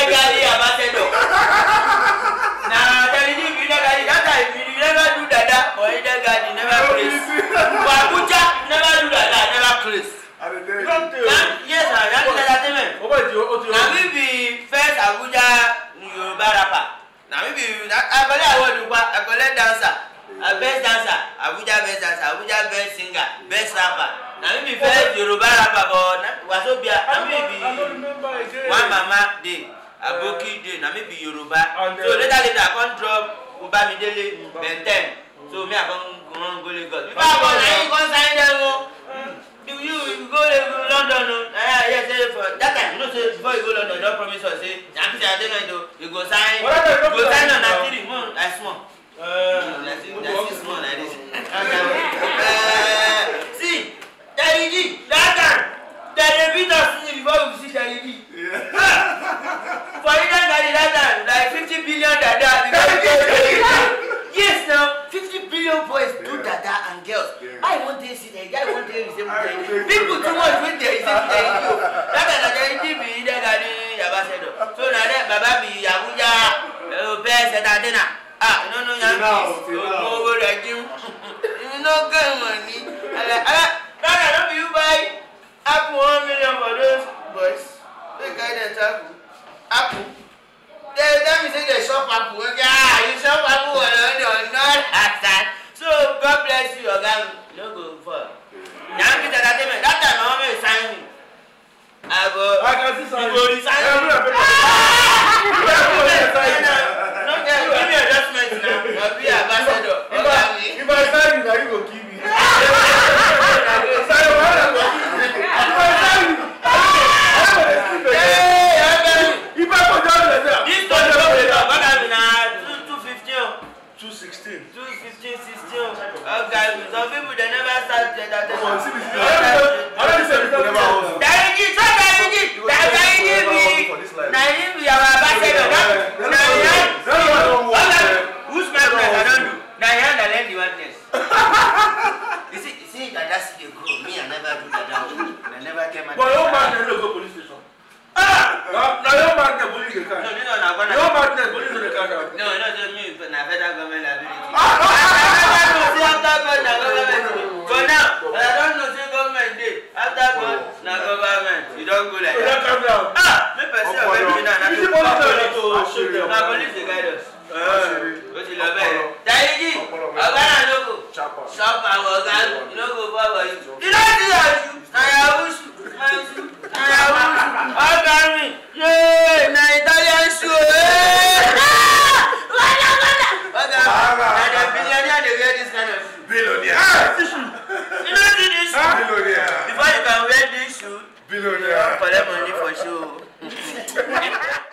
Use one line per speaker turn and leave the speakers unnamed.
illegali ambassador. na television illegali that time you never do dada or illegali never praise. for Abuja never do dada never praise. yes na that is entertainment. na we be first Abuja Yoruba rapper. na we be agbale award gba agbale dancer. best dancer Abuja best dancer Abuja best singer best rapper. na me be first yoruba rapper for wazobia na me be one mama dey aboki de na maybe yoruba so later later i come drop obamidele benten so me i come run go lagos before i go na you come sign dem o you you go london o na ya hear say for that time you know say before you go london you don promise us say na fifty and ten night o you go sign you go sign on na three month i small. fifty billion boys do dada and girls why you wan dey see naija you wan dey reason dem people too much wey dey reason with dem yo dada dada ndi bi dada ni yaba sedo so na there baba bi abuja obe seda dena ah no no yankees ogo regime you no get money ala ala dada no be you buy apple one million for those boys wey carry dem travel apple dem tell me say dem chop apple wey get. ìwé orí sáyẹn. ẹ̀rọ mi ìbá sáyẹn ìgbà yìí kò kí mi. sáyẹn wà á lọ sí mi. ìbá sáyẹn ọ̀rọ̀ rẹ̀ sí
mi. ìbá kọjá ọ̀rọ̀ rẹ̀ sí mi. ìtọ́jú ọ̀rọ̀
rẹ̀ bọ́dà mi náà two two fifteen. two sixteen. two fifteen sixteen. ọ̀gá some people dey never start to entertain. his letters. No, ṣe lọ bá police guidance. o ti lọ bẹ́ẹ̀ dáríjì ọ̀gá náà ló kò ṣọ́ọ̀bù àwọn ọ̀gá ló kò bọ́ ọ̀gá yìí. iná ti yà ju àyà wúṣù wúṣù àyà wúṣù ọ̀gá mi yéé na italian shoe ee. Eh. wọ́n yà wọ́n yà. ọ̀gá mi na the billionaire dey wear this kind of shoe. billionaire. Ah, you know this shoe. Ah. billionaire. before you can wear this shoe. billionaire. you wan